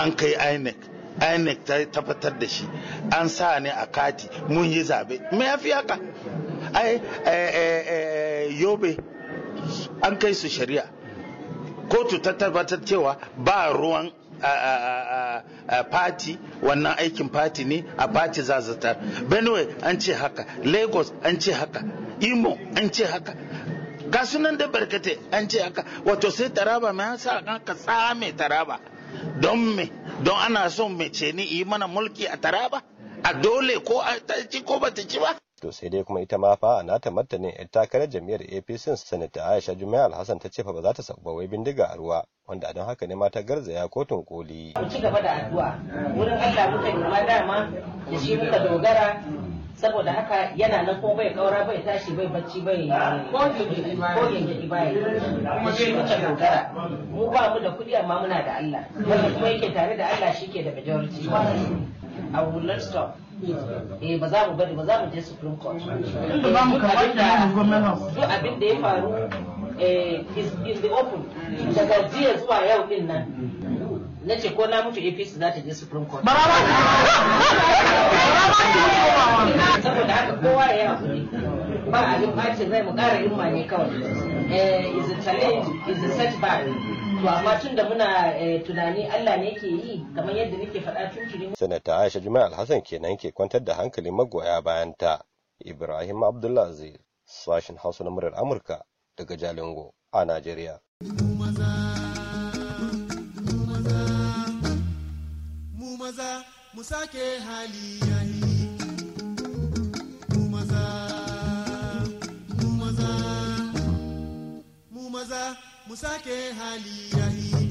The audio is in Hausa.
an kai inec inec ta tabbatar da shi an sa ne a kati mun yi zabe me ya fi haka ai eh, eh, eh, yobe an kai su shari'a kotu ta tabbatar cewa ba ruwan pati. wannan aikin pati ne a za zazatar benue an ce haka lagos an ce haka imo an ce haka ga sunan da barkatai an ce haka wato sai taraba mai sa ka tsame taraba don me don ana son mace ni yi mana mulki a taraba a dole ko a ci ko ba ta ci ba to sai dai kuma ita ma fa nata martanin yar takarar jami'ar APC sanata Aisha Jumai Alhassan ta ce fa ba za ta sabu wai bindiga a ruwa wanda a don haka ne ma ta garzaya kotun koli. Ku ci gaba da addu'a wurin Allah muka nema dama da shi muka dogara saboda haka yana nan ko bai kaura bai tashi bai bacci bai ko yanzu bai kuma shi muke dogara mu ba mu da kuɗi amma muna da Allah wanda kuma yake tare da Allah shi ke da majority a wulan stop eh ba za mu bari ba za mu je supreme court duk abin da ya faru eh, is in the open daga jiya zuwa yau din nan na ce ko na mutu apc za ta je supreme court ba abin bacin rai mu ƙara yunwa ne kawai eh, is a challenge is a setback to amma tun da muna eh, tunani Allah ne ke yi kamar yadda nake faɗa tun tuni sanata Aisha Juma'a Alhassan kenan ke kwantar da hankalin magoya bayan ta Ibrahim Abdullahi sashin Hausa na murar Amurka daga Jalingo a Najeriya mu sake hali yayi musake hali yahi